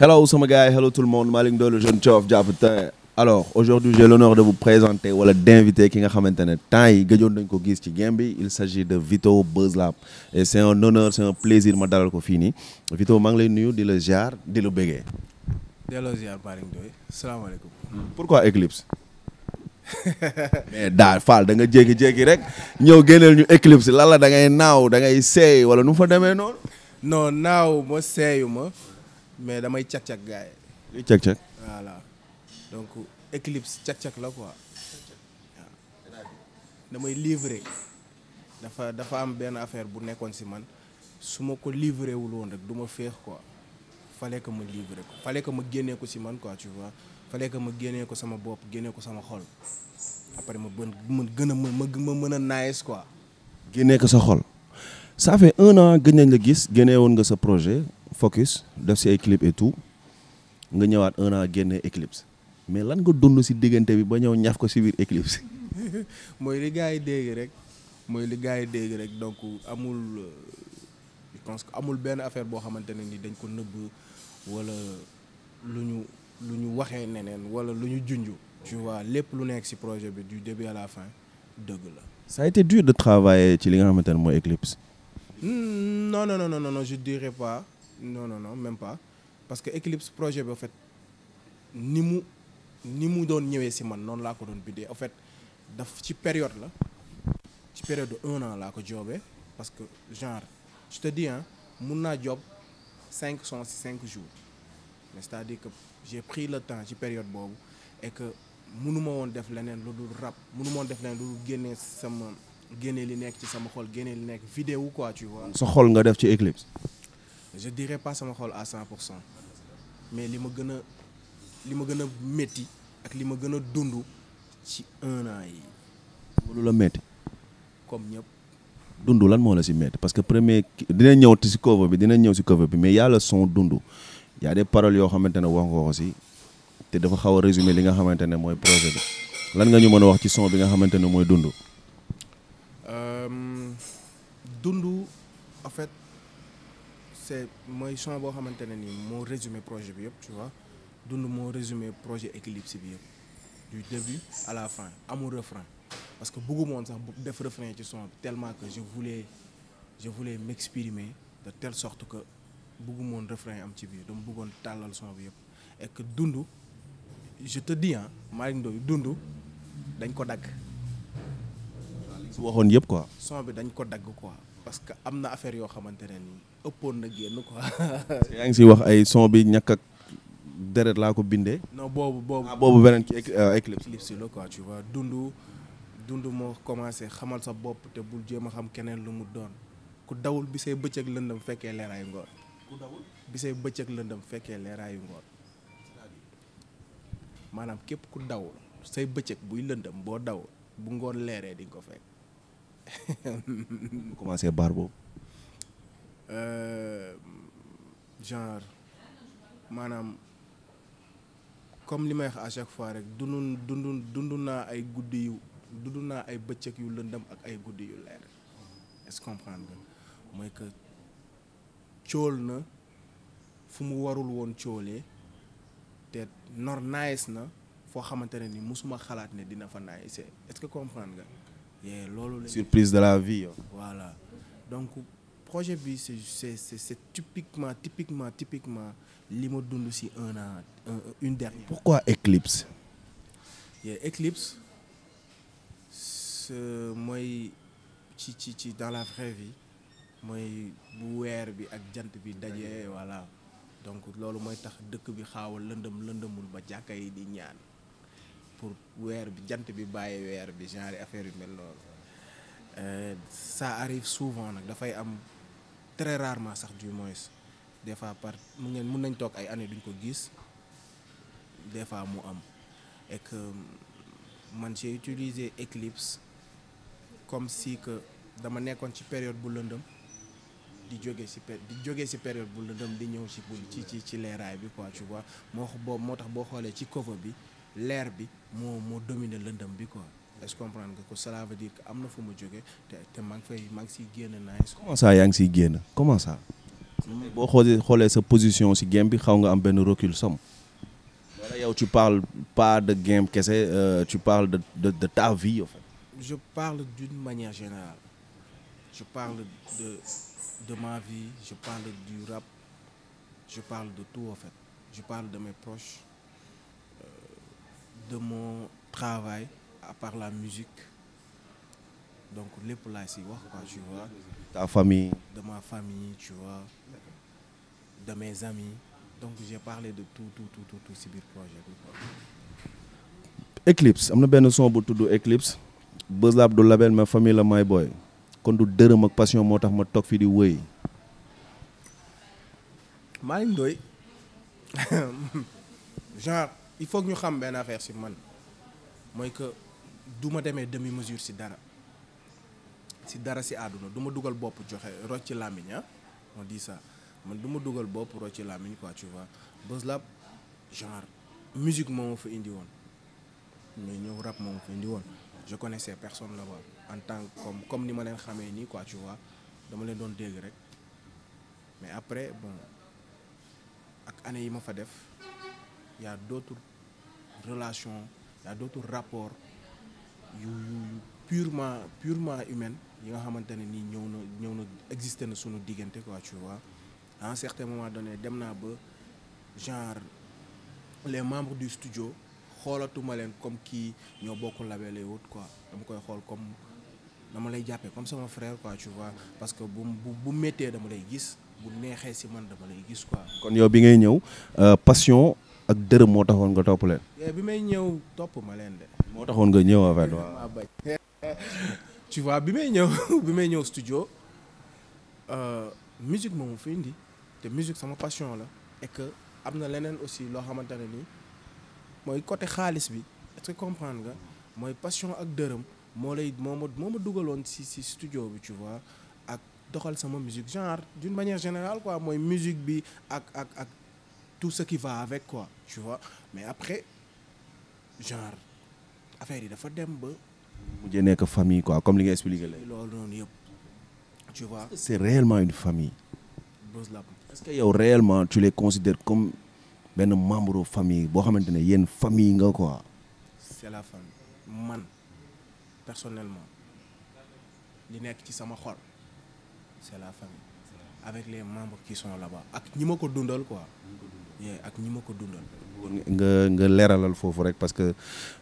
hello sama gars yi hello tout le monde Malick Ndoye le jeune Thiof jàpp tey alors aujourd'hui j'ai l'honneur de vous présenter wala d'inviter ki nga xamante ne temps yi gëjoon nañ ko gis ci game bi il s'agit de Vito Buzz Lab et c'est un honneur c'est un plaisir ma dalal ko fii nii Vito maa ngi lay nuyu di la ziar di la bëggee. delloo ziar Malick Ndoye salaamaaleykum. pourquoi Eclipse. mais daal Fall da nga jékki-jékki rek ñëw génneel ñu Eclipse lan la da naaw da ngay seey wala nu fa demee noonu. non naaw ma seeyu ma. mais damay cag-cag gars yi. luy cag-cag. voilà donc Eclipse cag-cag la quoi. damay livré. dafa dafa am benn affaire bu nekkoon si man su ma ko livré wul woon rek du ma féex ko fallait que ma livré ko fale que ma génnee ko si man ko tu vois que ma génnee ko sama bopp génnee ko sama xol après ma bën ma gën a ma ma mën a nice quoi. génnee ko sa xol ça fait un an gën nañ la gis génne woon nga sa projet. focus def si ay et tout nga ñëwaat un an génne Eclipse mais lan nga dund si diggante bi ba ñëw ñaf ko si biir Eclipse. mooy li gars yi dégg rek mooy li yi dégg rek donc amul euh, je pense que amul benn affaire boo xamante ne ni dañ ko nëbb wala lu ñu lu ñu waxee neneen wala lu ñu junj. tu vois lépp lu nekk si projet bi du début à la fin dëgg la. ça a été dur de travailler ci li nga xamante ne mooy Eclipse. Hmm, non non non non non je pas. non non non même pas parce que Eclipse projet bi en fait ni mu ni mu doon ñëwee si man noonu laa ko doon biddee en fait daf ci période la ci période de un an laa ko joobee parce que genre je te mun naa job cinq sons si cinq jours mais c'est-à-dire que j'ai pris le temps ci période boobu et que mënuma woon def leneen lu dul rap munu moo def leneen lu dul génnee sama génne li nekk ci sama xol génne li nekk vidéo ko tu vois. sa xol nga def ci Eclipse. je dirais pas sama xol à cent pour cent mais li ma gën a li ma gën a métti ak li ma gën a dund ci un yi. lu la métti. comme ñëpp. dund lan moo la si métti parce que premier dina ñëw ci cover bi dina ñëw si cover bi mais yàlla son dund y a des paroles yoo xamante ne wax nga ko te dafa xaw a résumé li nga xamante ne mooy projet bi lan nga ñu mën a wax ci son bi nga xamante ne mooy dund. Euh, te mooy son boo xamante ne nii moo résumé projet bi yëpp tu vois dund moo résumé projet Eclipse bi yëpp du début à la fin amul refrain parce que bëgguma woon sax def refrain ci son bi tellement que je voulais je voulais m'exprimer de telle sorte que bëgguma woon refrain am ci biir dama buggoon tàllal son bi yëpp et que dund je te dis ah dund dañ ko dagg. su waxoon yëpp quoi. son bi dañ ko dagg quoi parce que am na affaire yoo xamante ne nii. ëppoon na génn quoi. yaa ngi siy wax ay son bi ñàkk ak deret laa ko bindee. non boobu boobu ah boobu beneen ci éclipse. Euh, éclipse la quoi tu vois dund dund moo commencé xamal sa bopp te bul jéem a xam keneen lu mu doon ku dawul bi say bëccëg lëndëm fekkee leeraayu ngoor. ku dawul bi say bëccëg fekkee leeraayu ngoor maanaam képp ku dawul say bëccëg buy lëndëm boo daw bu ngoon leeree di ko fekk. commencé baar boobu. Euh, genre maanaam comme li may à chaque fois rek dundu dundu dundu naa ay guddi yu dundu naa ay bëccëg yu lëndëm ak ay guddi yu leer est-ce comprendre mooy que cool na fu mu warul woon coolee te nor naayis na foo xamante ne ni musuma xalaat ne dina fa naayisee est-ce que comprendre nga. yee loolu la surprise de la vie. voilà donc. projet bi c' est c' est c' est typiquement typiquement typiquement li ma dund si un an un, une dernière. pourquoi Eclipse. Yeah, Eclipse mooy ci ci ci dans la vraie vie mooy bu weer bi ak jant bi dajee voilà donc loolu mooy tax dëkk bi xaaw a lëndëm lëndëmul ba jàkka yi di ñaan pour weer bi jant bi bàyyi weer bi genre affaire yu mel noonu euh, ça arrive souvent nag dafay am très rarement sax du moins des fois par mu ngeen mun nañ toog ay années duñ ko gis des fois mu am et que man j'ai utilisé Eclipse comme si que dama nekkoon ci période bu lëndëm di jóge si pé di jóge si période bu lëndëm di ñëw si bul ci ci ci leeraay bi quoi tu moo boobu moo tax boo xoolee ci cover bi leer bi moo moo domine lëndëm bi quoi est-ce comprendre nga ko cela veut dire que am na fu mu jóge te te maa ngi fay maa ngi siy génn naa comment ça yaa ngi siy génn comment boo xoolee xoolee sa position si game bi xaw nga am benn recul som wala yow tu parles de game kese euh, tu parles de de de ta vie en fait je parle d'une manière générale je parle de de ma vie je parle du rap je parle de tout en fait je parle de mes proches euh, de mon travail à part la musique donc lépp laa si wax quoi tu vois. ta famille. de ma famille tu vois de donc j'ai parlé de tout tout tout tout, tout si biir projet bi quoi. Eclipse am na benn son bu tudd Eclipse. Buzz Lab du ma famille la may booy. kon du dërëm ak passion moo tax ma toog fii di wëy. Malick Ndoye genre il faut ñu xam benn affaire si man du ma demee demi mesure si dara si dara si àdduna du ma dugal bopp joxe ci làmmiñ ah on man du ma dugal bopp ci làmmiñ quoi tu vois Buzz la genre musique moo ma fa indi woon mais ñëw rap moom ma fa indi woon je connaissais personne là-bas en tant comme comme ni ma leen xamee nii quoi tu vois dama leen doon dégg rek mais après bon ak année yi ma fa def y a relation relations y a yu yu purement purement humaine yi nga xamante ne nii ñëw na ñëw na existé na sunu diggante quoi tu vois à un certain moment donné dem naa ba genre les membres du studio xoolatuma leen comme kii ñoo bokk label et autres quoi dama koy xool comme dama lay jàppee comme sama frère quoi tu vois parce que bu bu bu méttee dama lay gis bu neexee si man dama lay gis quoi. kon yow bi ngay ñëw euh, passion ak dërëm moo taxoon nga topp leen. Eh, bi may ñëw topp ma leen de. moo taxoon nga ñëw en fait waaw. bi may ñëw bi may ñëw studio euh, musique moom fi indi te musique sama passion la et que am na leneen aussi loo xamante ne nii mooy côté xaalis bi est-ce que comprendre nga mooy passion ak dërëm moo lay moo ma moo ma dugaloon ci ci studio bi tu vois ak doxal sama musique genre d'une manière générale quoi mooy musique bi ak ak ak tout ce qui va avec quoi tu vois mais après genre affaire yi dafa dem ba. mujjee nekk famille quoi comme li nga expliqué léegi. loolu noonu yëpp tu vois. c'est réellement une famille. est-ce que yow réellement tu les considères comme benn membre famille boo xamante ne yéen famille nga quoi. c'est la famille man personnellement li nekk ci sama xol c'est la famille avec les membres qui sont là-bas ak ñi ma ko dundal quoi. ak ñi ma ko dundal. nga nga leeralal foofu rek parce que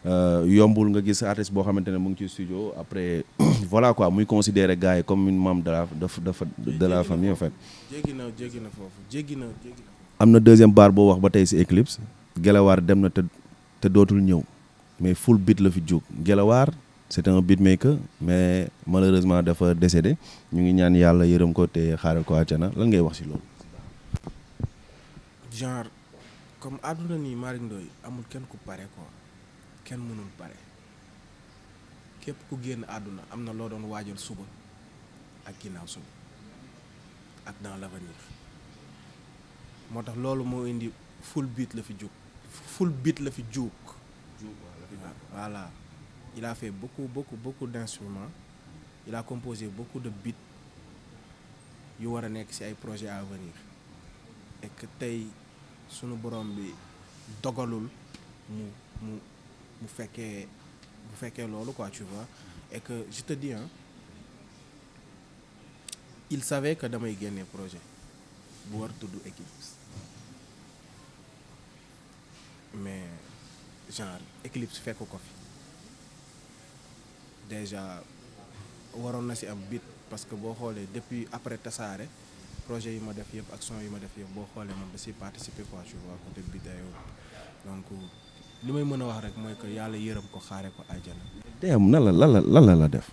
euh, yombul nga gis artiste boo xamante ne mu ngi ci studio après voilà quoi muy considéré gars yi comme une membre de la de de la famille en fait. na jéggi na foofu jéggi na am na deuxième baar boo wax ba tey si Eclipse Gelawaar dem na te te dootul ñëw mais full beat la fi jóg Gelawaar c'est un beatmaker mais malheureusement dafa décédé ñu ngi ñaan yàlla yërëm ko te xaaral ko àjjana lan ngay wax si loolu. genre comme àdduna nii Malick Ndoye amul kenn ku pare quoi kenn mënul pare képp ku génn àdduna am na loo doon waajal suba ak ginnaaw suba ak dans l'avenir moo tax loolu moo indi full beat la fi jóg full beat la fi jóg voilà il a fait beaucoup beaucoup beaucoup d'instruments il a de beats yu war a nekk ci ay projet à venir tey sunu borom bi dogalul mu mu mu fekkee bu fekkee loolu ko tu vois et que je te dis il savait que damay génne projet bu war tudd Eclipse mais genre Eclipse fekk ko fi déjà waroon na si am bit parce que boo xoolee depuis après tasaare projet yi ma def yëpp action yi ma def yëpp boo xoolee man da si participer quoi je vois côté vidéo donc li may mën a wax rek mooy que yàlla yërëm ko xaare ko te deem na la la la la def.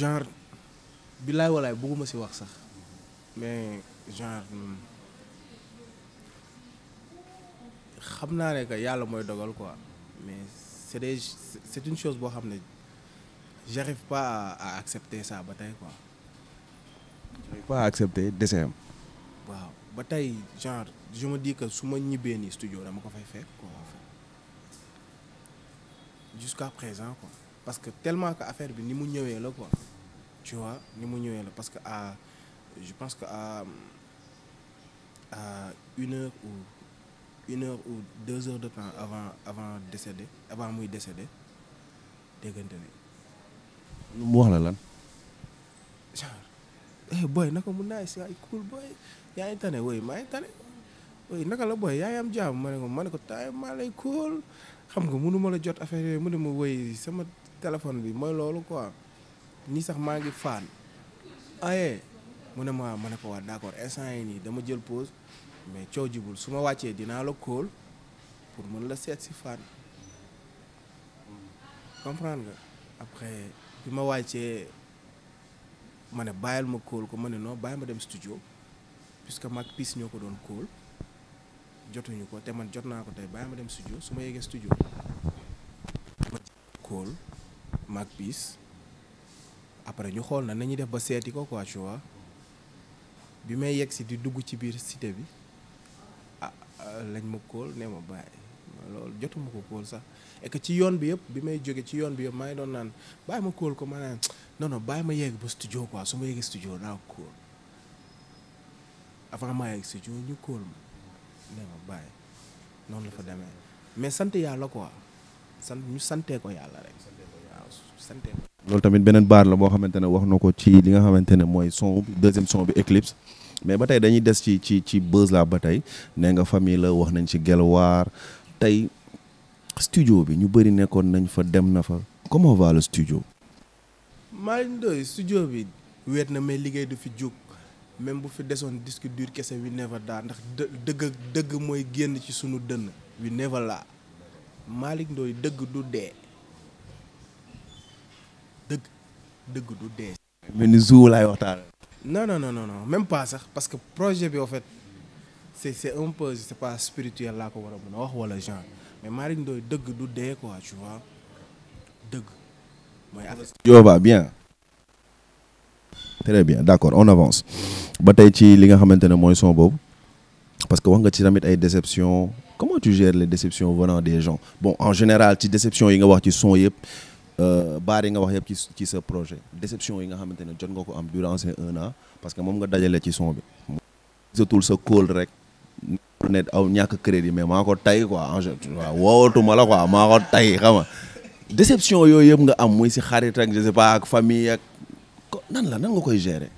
genre bilaay walaay bëgguma si wax sax mais genre xam naa ne que yàlla mooy dogal quoi mais c'est des c'est une chose boo xam ne j'arrive pas à accepter saa ba tey quoi. pas accepté dessin am. waaw ba tey genre je me dis que su ma ñibbee nii studio dama ko fay fekk quoi jusqu'à présent quoi parce que tellement que affaire bi ni mu ñëwee la ko tu ni mu ñëwee la parce que à je pense que à à une heure ou une heure ou deux heures de temps avant avant décédé avant muy décédé déggante ne. mu wax la lan. genre. booy eh, boy naka mu naay si ay cool boy yaa tane woy maa ngi tane woy naka la boy yaayam ngi am ma ne ko ma ne ko taay maa lay cool xam nga mënu ma la jot affaire yooyu mu ne ma woy sama téléphone bi mooy loolu quoi ñi sax maa ngi faan aye mu ne ma ma ne ko waa d'accord instant yi nii dama jël pause mais coow su ma wàccee dinaa la kóol pour mën la seet si faan comprendre nga après bi ma wàccee ma ne bàyyil ma kool ko ma ne non bàyyi ma dem studio puisque mag piis ñoo ko doon kool jotuñu ko te man jot naa ko tey bàyyi ma dem studio su ma yeggee studio ma kóol mag piis après ñu xool na nañuy def ba seeti ko quoi tu vois bi may yegg si di dugg ci biir cité bi ah euh, lañ ma kool nee ma bàyyi loolu jotuma ko kóol sax et ci yoon bi yëpp bi may jógee ci yoon bi yëpp maa ngi doon naan bàyyi ma kóol ko ma naan non non bàyyi ma yegg ba studio quoi su ma yeggee studio naa ko kóol avant maa yegg studio ñu kóol ma la fa demee mais sant yàlla quoi sant santee ko yàlla rek waaw loolu tamit beneen baar la boo xamante ne wax na ko ci li nga xamante ne mooy son deuxième son bi Eclipse. mais ba tey dañuy des ci ci ci buzz ba tey nee nga famille la wax nañ ci gelwaar tey studio bi ñu bëri nekkoon nañ fa dem na fa comment va le studio. Malick Ndoye studio bi weet na mais liggéey du fi jóg même bu fi desoon disque dur kese wi never daa ndax dëgg mooy génn ci sunu dënn wi never laa Malick dëgg du dee dëgg dëgg du dee. mel ni zoo laay waxtaan. non non non non même pas sax parce que projet bi en fait c'est c'est un peu c'est pas spirituel laa ko war a mën a wax wala genre mais Malick dëgg du dee quoi tu vois dëgg. mooy studio va bien. très bien d' accord on avance ba tey ci li nga xamante ne mooy son boobu parce que wax nga ci ramit ay déception comment tu gères les déceptions venant des gens bon en général ci déception yi nga wax ci son yëpp euh, baar yi nga wax yëpp ci ci sa projet déception yi nga xamante ne jot nga ko am durant ces un an parce que moom nga dajale ci son bi. gisatul sa kóol rek. aw ñàkk crédit mais maa ko tay quoi en waaw woowatuma la quoi maa tay xam déception yooyu yëpp nga am muy si xarit ak je sais pas ak famille ak nan la nan nga koy gérer.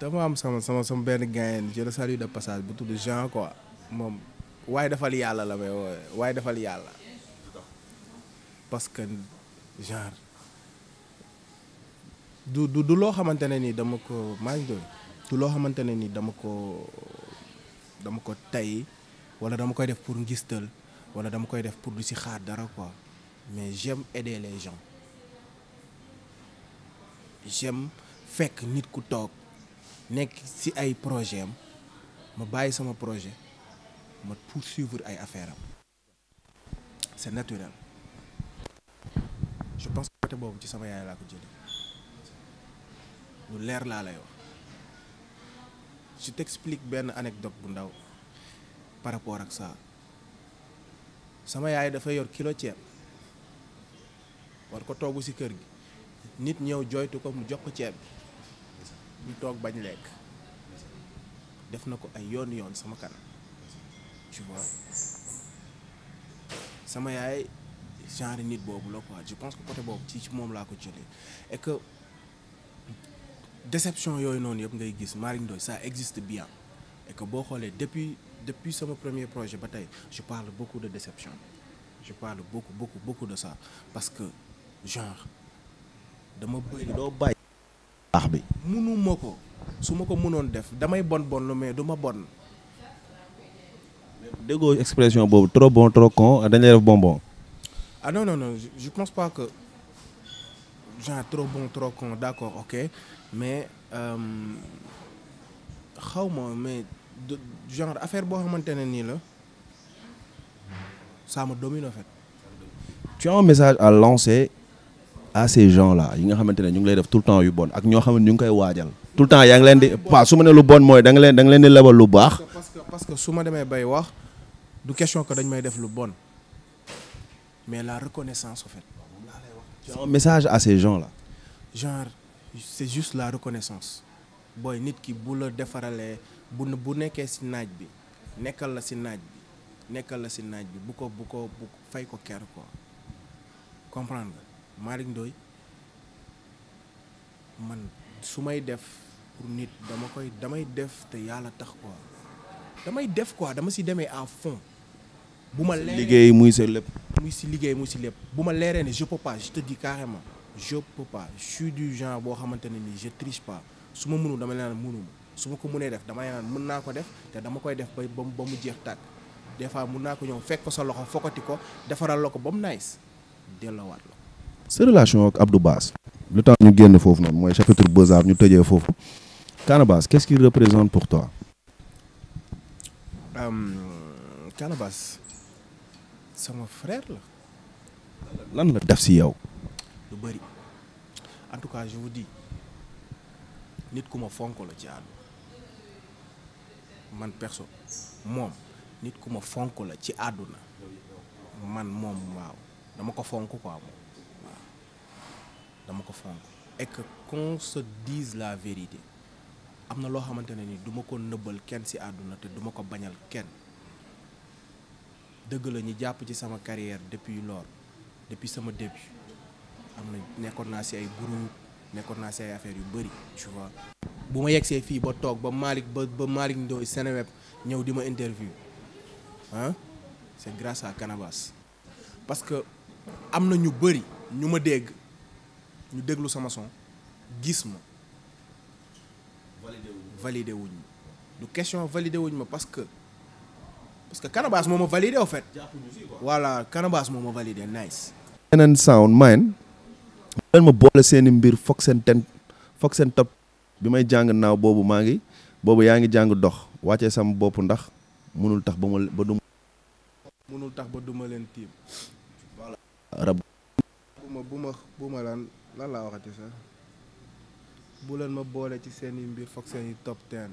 dama am sama sama sama benn gain je le salue de passage bu tudd Jean quoi moom waaye defal yàlla la may waaye defal yàlla parce que genre du du loo xamante ne ni dama ko maa doon du loo xamante ne ni dama ko dama ko tey walla dama koy def pour ngistal wala dama koy def pour du si xaar dara quoi. mais j'aime aider les gens j'aime fekk nit ku toog nekk ci ay projet am ma bàyyi sama projet ma poursuivre ay affaire am c'est naturel je pense que boobu ci sama yaay laa ko jëlee lu leer laa lay wax je t'explique benn anecdote bu ndaw par rapport ak ça sama yaay dafa yor kilo ceeb war ko toogu si kër gi nit ñëw jooytu ko mu jox ko ceeb ñu toog bañ lekk def na ko ay yoon yoon sama kanam tu vois sama yaay genre nit boobu la quoi je pense que côté boobu ci ci moom laa ko jëlee et que déception yooyu noonu yëpp ngay gis Marie Ndoye ça existe bien et que boo xoolee depuis depuis sama premier projet ba tey je parle beaucoup de déception je parle beaucoup beaucoup beaucoup de ça parce genre dama bëri doo bàyyi. baax bi munu ko su ma ko mënoon def damay bon bon mais du bon. déggoo expression boobu trop bon trop con dañ lay ah pense pas que genre trop bon trop con d'accord ok mais euh, xaw mais genre affaire boo xamante ne nii la ça me domine tu as message à lancer. à ces gens là yi nga xamante ne ñu ngi lay def tout le temps yu ak ñoo xam ne ñu ngi koy waajal. tout leen di waaw su bon mooy da nga leen da nga leen di que parce que su ma wax du question que dañ may def lu bon la reconnaissance en message à ces gens genre c'est la reconnaissance booy nit ki bu la defaralee bu bu nekkee ci naaj bi nekkal la ci naaj bi nekkal la ci naaj bi bu ko bu ko bu fay ko ker quoi Malick Ndoye man su may def pour nit dama koy damay def te yàlla tax quoi damay def quoi dama si demee à fond. bu ma leeree liggéey muy si lépp. muy si liggéey muy si lépp bu ma leeree ne je peux pas te dis carrément je peux pas je suis du genre boo xamante ne nii je triche pas su ma munu dama naan mënul su ma ko mënee def dama naan mën naa ko def te dama koy def ba ba mu jeex tàkk des fois mën naa ko ñëw fekk ko sa loxo fokkati ko defaral la ko ba mu nice dellowaat la. sa relation ak Abdou Bass lu tax ñu génn foofu na mooy chapitre Beaux-Arts ñu tëjee foofu Canabasse qu'est-ce qu'il représente pour toi sama frère la lan la def si yow lu bëri en tout cas je vous nit ku ma fonk la ci àdduna man perso moom nit fonk la ci àdduna moom waaw dama ko fonk ko am ma ko fonk et que la vérité am na loo xamante ne ni du ma ko nëbbal kenn ci àdduna te duma ko bañal kenn dëgg la ñu jàpp ci sama carrière depuis lors depuis sama début am na nekkoon naa ci ay groupe nekkoon naa ci ay affaires yu bëri tu vois bu ma yegsee fii ba toog ba Malick ba ba Malick Ndoye ñëw di ma interview ah c'est grâce à Canabas parce am na ñu bëri ñu ma dégg ñu déglu sama son gis ma validé wuñ ma du question validé wuñ ma parce que parce que Canabasse moo ma validé en fait voilà Canabasse moo ma validé nice beneen sound mine leen ma boole seeni mbir foog seen ten foog seen top bi may jàng naaw boobu maa ngi boobu yaa ngi jàng dox wàccee sama bopp ndax mënul tax ba ma tax ba duma leen tiim rab bu ma bu ma bu ma lan lan laa waxati sax bu leen ma boole ci seeni i mbir foog seen i top ten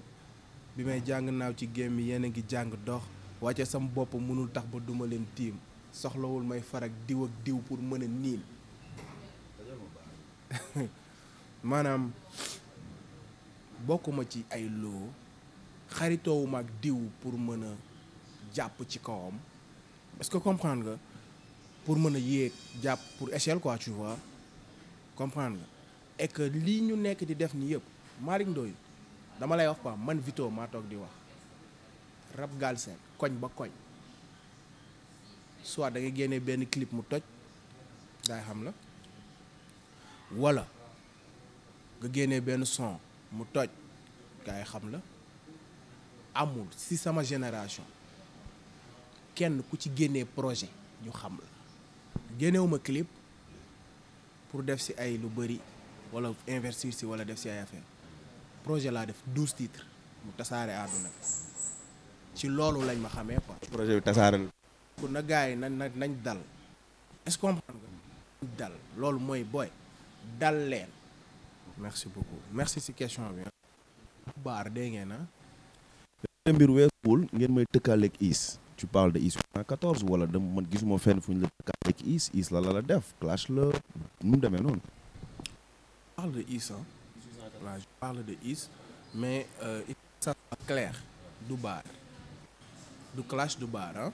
bi may jàng naaw ci gémmi mi yéen a ngi jàng dox wàcce sam bopp mënul tax ba duma leen tiim soxlawul may farak diw ak diw pour mën a niin maanaam bokkuma ci ay loo xaritoowuma ak diw pour mën a jàpp ci kawam est-ce que comprendre nga pour mën a yéeg jàpp pour échelle quoi tu vois comprendre nga et lii ñu nekk di def nii yëpp marindoy dama lay wax quoi man Vito maa toog di wax rap Galsen koñ ba koñ soit da génne benn clip mu toj daay xam la wala nga benn son mu toj gaay xam la amul si sama génération kenn ku ci génne projet ñu xam la génnewuma clip pour def si ay lu bëri wala investir si wala def si ay affaire projet laa def douze titre mu tasaare àdduna ci loolu lañ ma xamee quoi. projet bi tasaare la. pour na gars yi nañ nañ dal est dal loolu mooy booy dal leen. merci beaucoup merci si question bi. baar dégg ngeen ah. mbir weesuwul ngeen may tëkkaaleeg is. tu parles de Is 14 wala de man gisuma fenn fu ñu la kàddu ak Is Is la la la def clash la nu demee noonu. je parle de Is ah. je parle de Is mais euh, ça c'est du baar du clash du baar ah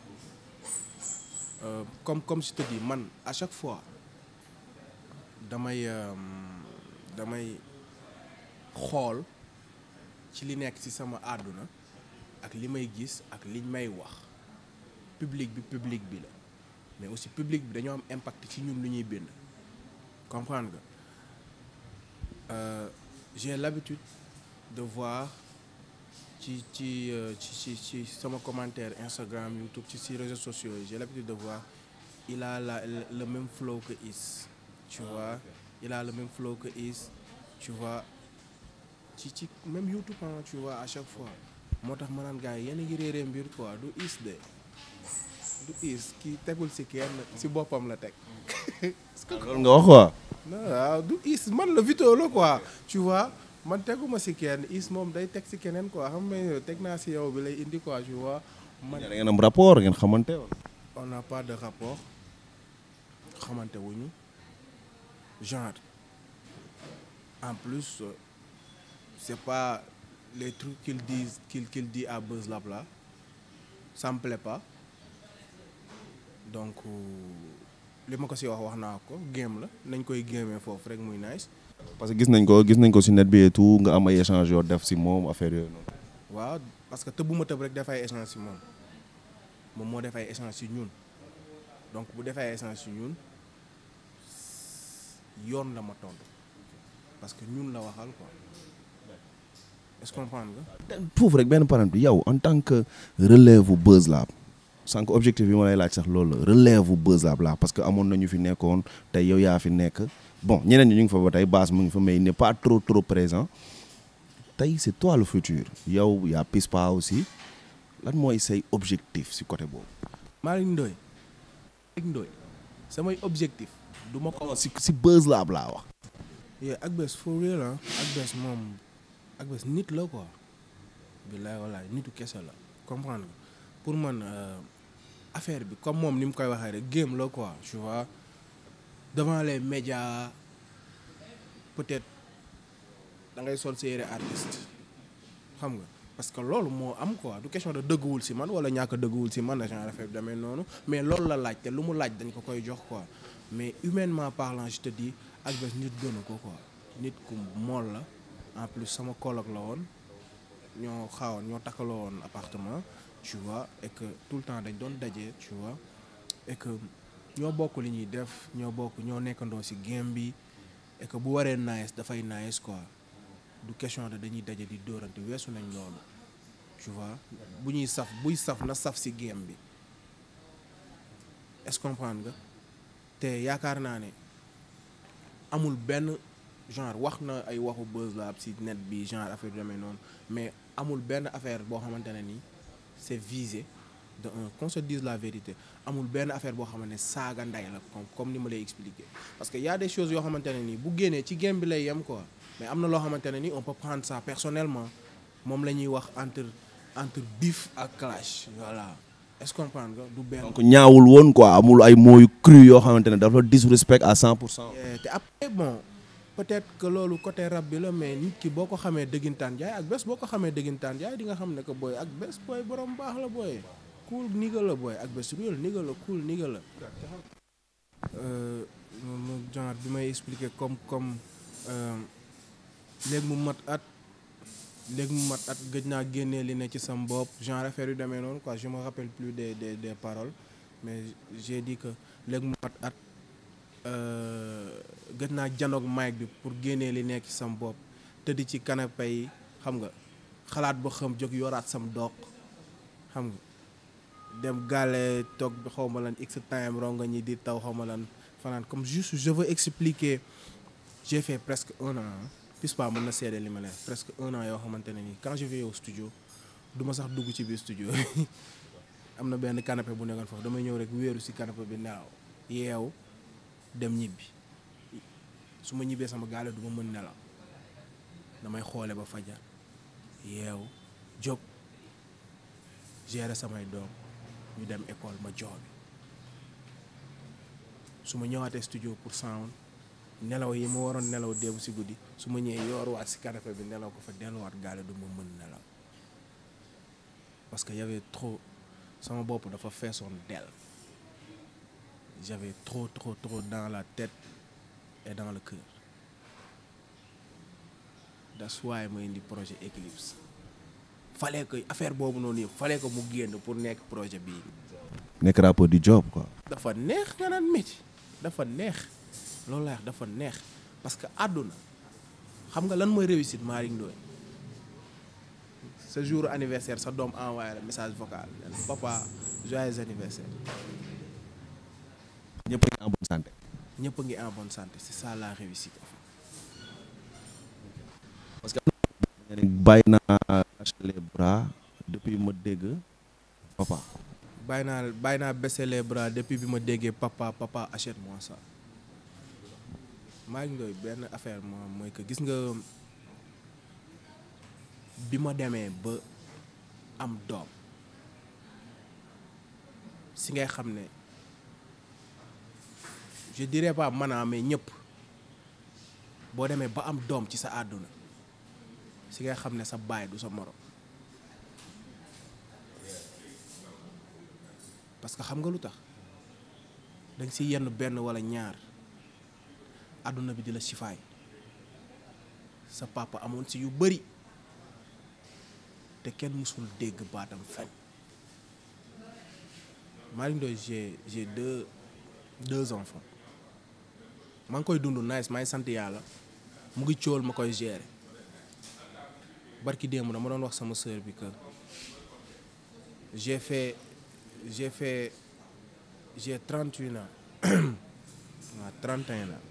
euh, comme comme te dis man à chaque fois damay euh, damay xool ci li nekk ci sama àdduna ak li may gis ak liñ may wax. public bi public bi la mais aussi public bi dañoo am impact ci ñun lu ñuy bind comprendre nga euh, j'ai l'habitude de voir ci ci euh, ci ci sama commentaire Instagram YouTube ci si réseaux sociaux yi j'ai l'habitude de voir il a la le même flow que Is tu ah, vois okay. il même flow que Is tu vois ci ci même YouTube ah tu à chaque fois moo tax ma naan gars yi yéen a ngi réeree mbir quoi du Is de du iis kii tegul si kenn si boppam la teg. loolu nga wax quoi. du iis man la Vito la quoi tu man teguma si kenn iis moom day teg si keneen quoi xam nga teg naa si yow bi lay indi quoi tu vois. man da ngeen am rapport ngeen xamante wala. on n'a pas de rapport xamante wuñu genre en plus euh, c'est pas les trucs qu'ils disent qu'il qu'il à Buzz Lab là ça pas. donc euh, li ma ko si wax wax naa ko game la nañ koy gémee foofu rek muy nice. parce que gis nañ ko gis nañ ko si net bi et nga am ay échange yoo def si moom affaire yooyu noonu. waaw parce que tëb bu ma tëb rek def ay échange si moom moom moo def ay échange si ñun donc bu defee ay échange si ñun yoon la ma tontu parce que ñun la waxal quoi. est-ce que comprendre nga. foofu rek benn parenté yow en tant que relève bu Buzz Lab sànq objectif bi ma lay laaj sax loolu la relève bu Buzz Lab la parce que amoon na ñu fi nekkoon tey yow yaa fi nekk bon ñeneen ñi ñu ngi fa ba tey base mu ngi fa mais il n'est pas trop trop présent tey c'est toi le futur yow yaa Pispa aussi lan mooy say objectif si côté boobu. Malick Ndoye Malick samay objectif du ma ko si si la Lab laa wax. yooyu Akbess for real ah Akbess moom Akbess nit la ko bilaay walaay nitu kese la comprendre pour man. Euh, affaire bi comme moom ni mu koy waxee rek game la quoi tu vois devant les peut-être da ngay sol sa yére artiste xam nga parce que loolu moo am quoi du question de dëgguwul si man wala ñàkk dëgguwul si man a genre affaire bi demee noonu mais loolu la laaj te lu mu laaj dañ ko koy jox quoi mais humainement parlant je te dis Alboury nit gënu ko quoi nit ku mool la en plus sama kolook la woon ñoo xawoon ñoo takkaloo woon appartement tu vois et que tout le temps dañ doon daje tu vois et que ñoo bokk li ñuy def ñoo bokk ñoo nekkandoo ci game bi et bu waree nice dafay nice quoi du question de dañuy daje di dóorante weesu nañ loolu tu bu ñuy saf buy saf na saf ci bi est nga te yaakaar naa ne amul benn genre wax na ay waxu buzz la ci net bi genre affaire yu demee noonu mais amul benn affaire boo xamante ne nii. c'est visé de un se dise la vérité amul benn affaire boo xaman ne saaga nday la comme ni ma lay expliquer parce que y a des yoo xamante ne nii bu génnee ci game bi lay yem quoi mais am na loo xamante ne nii on peut prendre ça personnellement moom la ñuy wax entre entre bif ak clash voilà est-ce que comprendre nga du benn. donc ñaawul woon quoi amul ay mots cru yoo xamante ne dafa disrespect à 100 pour cent. te après bon. peut-être que loolu côté rab bi la mais nit ki boo ko xamee dëggintaan jaay ak bés boo ko xamee dëggintaan jaay di nga xam ne que booy ak bés booy borom baax la booy. cool niga la booy ak bés real niga la cool niga la. Euh, moom genre bi may expliquer comme comme euh, léegi mu mat at léegi mu mat at gëj naa génnee li ne ci sam bopp genre affaire yu demee noonu quoi je me rappelle plus des de des paroles mais j'ai dit que léegi mu mat at. Euh, gën naa janoog mic bi pour génnee li nekk ci sam bopp tëdd ci canapé yi xam nga xalaat ba xam jóg yoraat sam doq xam nga dem gaale toog bi xaw ma lan x time ronga ñi di taw xaw ma lan fanaan comme juste je veux expliquer j'ai fait presque un an Pispa mën na seede li ma ne presque un an yoo xamante ne nii quand je vais studio du ma sax dugg ci biir studio am na benn canapé bu nekkal foofu damay ñëw rek wéeru si canapé bi naaw yeew dem ñibbi su ma ñibbee sama gaale du ma mën nelaw damay xoole ba fajar yeewu jóg gérer samay doom ñu dem école ma joobi su ma ñëwaatee studio pour sound nelaw yi ma waroon nelaw déebu si guddi su ma ñëwee yooruwaat si canapé bi nelaw ko fa delluwaat gaale du ma mën nelaw parce que y trop sama bopp dafa feesoon del j'avais trop trop trop dans la tête et dans le cœur that's why ma indi projet Eclipse fallait que affaire boobu noonu yëpp fallait que mu génn pour nekk projet bii. nekk rapport du job quoi. dafa neex nga naan métier dafa neex loolu laa dafa neex parce que àdduna xam nga lan mooy réussite Malick Ndoye sa jour anniversaire sa doom envoyé message vocal papa joyeux anniversaire. ñëpp a ngi en bonne santé. si a ngi en parce que am na bàyyi naa les bras depuis ma dégg papa. bàyyi naa bàyyi naa baisser les bras depuis bi ma déggee papa papa achète-moi ça maa ngi benn affaire moom mooy que gis nga bi ma demee ba am doom si ngay xam ne. je dirais pas maanaam mais ñëpp boo demee ba am doom ci sa àdduna si ngay xam ne sa baay du sa morom parce que xam nga lu tax danga si yenn benn wala ñaar àdduna bi di la sifaay sa papa amoon si yu bëri te kenn mësul dégg baatam fen Malick Ndoye j'ai j'ai deux deux enfants maa ngi koy dund nice maa ngi sant yàlla mu ngi cool ma koy gérer barki démb dama doon wax sama sœur bi que j'ai fait j'ai fait j'ai 38 ans waaw 31 ans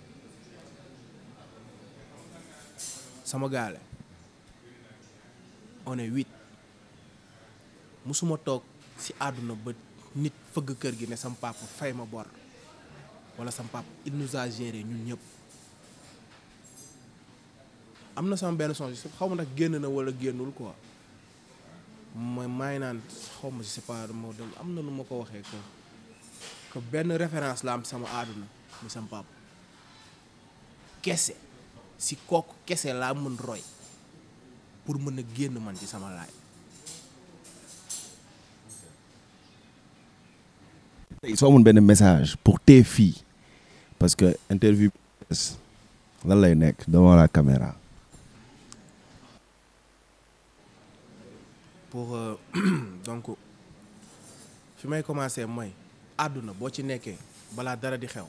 sama gaale one est huit musuma toog ci àdduna ba nit fëgg kër gi ne sama papa fay ma bor wala sa pap il nous a géré ñun ñëpp am na sama benn son xaw ma nag génn na wala génnul quoi ma maay naan xaw ma je sais pas am na nu ma ko waxee benn référence la am sama aaduna mu sam pap si kooku kese laa mën roy pour mën a génn man ci sama laay tey soo amoon benn message pour te fii parce que interview lan lay nekk devant la caméra. pour euh, donc fi may commencer mooy àdduna boo ci nekkee balaa dara di xew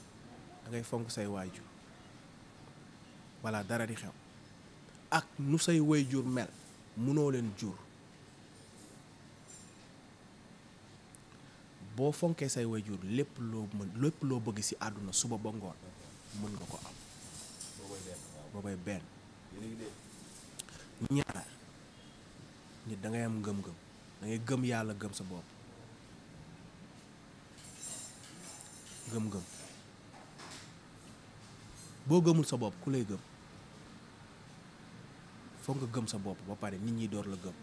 dangay fonk say waajur balaa dara di xew ak nu say waajur mel munoo leen jur. boo fonkee say waajur lépp loo mën lépp loo bëgg ci àdduna suba ba ngoon mën nga ko am boobay benn ñaar nit da am ngëm-ngëm da gëm yàlla gëm sa bopp gëm-gëm boo gëmul sa bopp ku lay gëm foog gëm sa bopp ba pare nit ñi door la gëm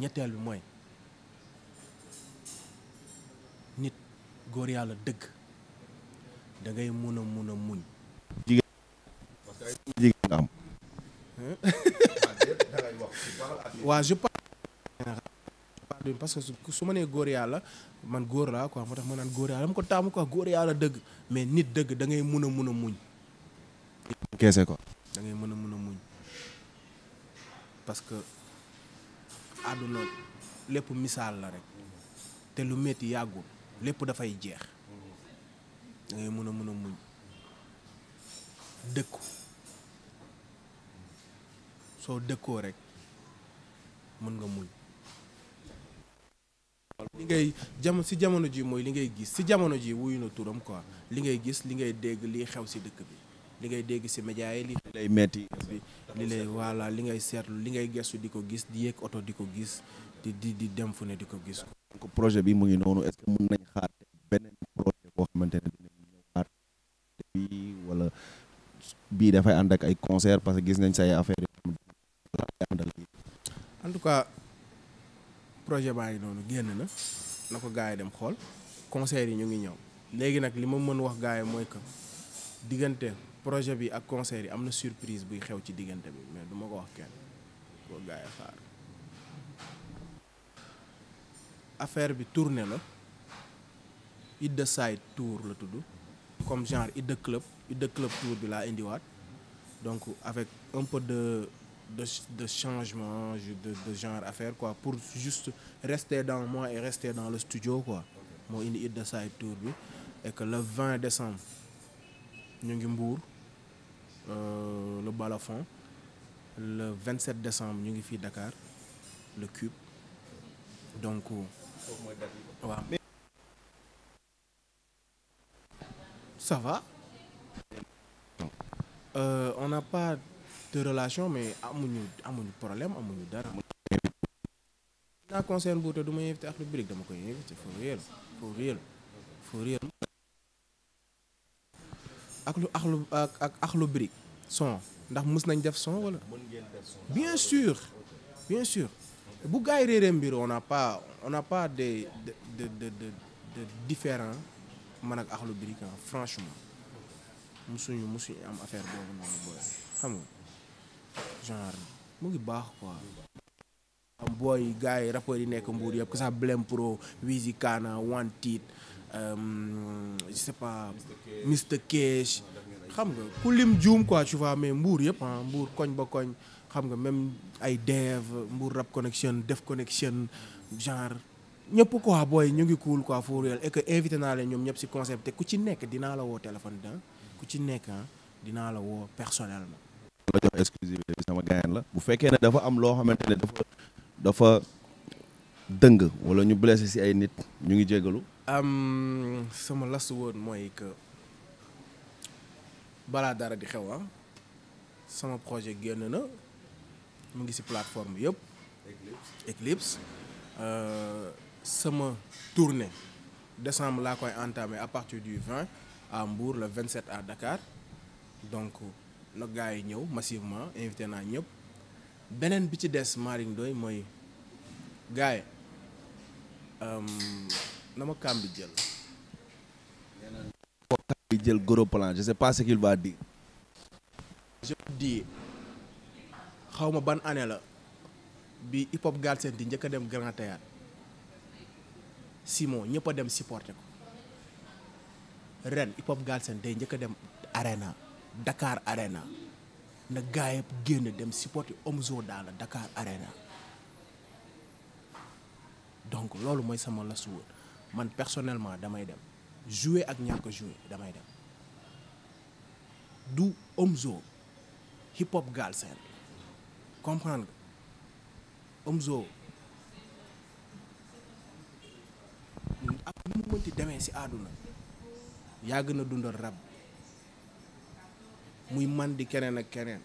ñetteel bi mooy nit góor yàlla dëgg dangay mun a mun a muñ. jigéen parce que ay su ma nee góor yàlla man góor laa quoi moo tax ma naan góor yàlla dama ko taamu quoi góor yàlla dëgg mais nit dëgg da ngay mun a mun a muñ. keese quoi. da mën a mun a muñ parce que àdduna lépp misaal la rek te lu metti yàggul. lépp dafay jeex da mën a mën a muñ dëkku soo dëkkoo rek mën nga muñ li ngay jam si jamono ji mooy li ngay gis si jamono ji wuyu na turam quoi li ngay gis li ngay dégg liy xew si dëkk bi li ngay dégg si média yi li lay metti bi li lay voilà li ngay seetlu li ngay gestu di ko gis di yéeg oto di ko gis di di di dem fu ne di ko gis donc projet bi mu ngi noonu est-ce que mën nañ xaar beneen projet xamante ne dinañ ñëwaat bi wala bii dafay ànd ak ay concert parce que gis nañ say affaire yi en tout cas projet baa ngi noonu génn na na ko gars yi dem xool concert yi ñu ngi ñëw léegi nag li ma mën wax gars yi mooy que diggante projet bi ak concert yi am na surprise buy xew ci diggante bi mais du ma ko wax kenn ko gars xaar affaire bi tournée la it de Side Tour la tudd comme genre Hit The Club Hit The Club Tour bi laa indiwaat donc avec un peu de de de changement de de genre affaire quoi pour juste rester dans moi et rester dans le studio quoi moo indi Hit de Side Tour bi et que le 20 décembre ñu ngi Mbour euh, le Balafon le 27 décembre ñu ngi fii dakaar le Cube donc. waaw. ça euh, on n'a pas de relation mais amuñu amuñu problème amuñu dara. naa concerne Bouta du ma invité ak rubrique dama koy invité for real for real ak lu ak lu ak ak ak rubrique son ndax mus nañ def son wala. bien sûr bien sûr. bu gars yi réeree mbir on n'a pas on n'a pas de de différent man ak Akhlou Brick franchement musuñu musuñu am affaire boobu noonu booy xam nga genre mu ngi baax quoi. booy gars yi yi nekk mbuur yëpp que ça Blem Pro Wizi Kana One Tit euh, je sais pas Cash xam nga ku lim juum quoi tu vois mais Mbour yëpp ah Mbour koñ ba koñ. xam nga même ay dev Mbour Rap Connection Def Connection genre ñëpp quoi booy ñu ngi cool quoi for real et invité naa leen ñoom ñëpp si concept te ku ci nekk dinaa la woo téléphone da ah. ku ci nekk ah dinaa la woo personnellement. la jox sama gaañan la bu fekkee ne dafa am loo xamante ne dafa dafa dëng wala ñu blessé si ay nit ñu ngi jégalu. sama last word mooy que balaa dara di xew ah sama projet génn na. mu ngi si plateforme yëpp. Eclipse euh, sama tournée décembre laa koy entamé à partir du 20 à Mbour vingt 27 à Dakar donc na gars yi ñëw massivement invité naa ñëpp beneen bi ci des Marine Doy mooy gars yi euh, na ma kàmbi jël. kàmbi jël gros plan je sais pas ce qu'il va dire. xaw ma ban année la bi hip hop Galsen di njëkk a dem Grand Théâtre Simon ñëpp a dem supporter ko ren hip hop Galsen day njëkk a dem Arena dakaar Arena na gaay yëpp génn dem supporter Omzo dans la Dakar Arena donc loolu mooy sama la suur man personnellement damay dem jouer ak ñàkk jouer damay dem du Omzo hip hop Galsen comprend nga Omzo mu mënti demee ci àdduna yàgg na a dundal rab muy man di keneen ak keneen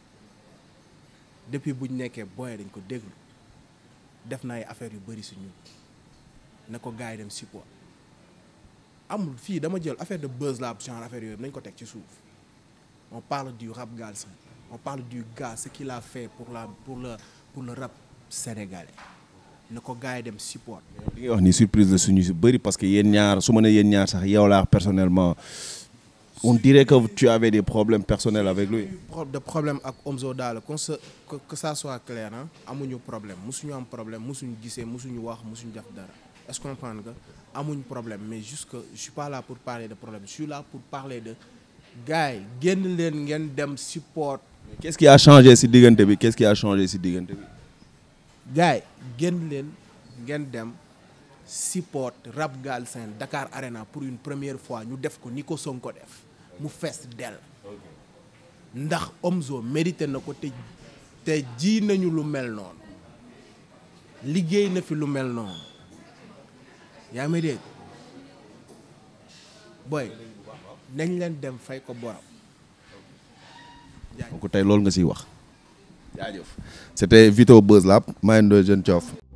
depuis buñ nekkee booyee dañ ko déglu def na ay yu bari ci ñun ne ko gars yi dem si quoi amul fii dama jël affaire de buzz la genre affaire yooyu nañ ko teg ci suuf on parle du rap galsen on parle du gars ce qu'il a fait pour la pour le pour le rap ko gars yi dem support. li ngay wax ni surprise la suñu si bëri parce que yéen ñaar su ma nee yéen ñaar sax yow laa personnellement on dirait que tu avais des problèmes personnels avec lui. de problème ak Omzo Dollar qu'on se que ça soit clair ah amuñu problème am problème musuñu gisee musuñu wax musuñu def dara est-ce qu'on amuñu problème mais juste que je suis pas là pour parler de problème je suis là pour parler de gars yi génn leen ngeen dem support. qu'est-ce qui a changé si diggante bi qu'est-ce qui a changé si diggante bi. gars génn leen ngeen dem support Rap Galsen Dakar Arena pour une première fois ñu def ko ni ko son Sonko def mu fees dell. ndax Omzo mérité na ko te te ji nañu lu mel noonu liggéey na fi lu mel noonu yaa ngi may nañ leen dem fay ko borom. donc tey loolu nga siy wax jaajëf c'était Vito Buzz Lab Mind Jeune Thiof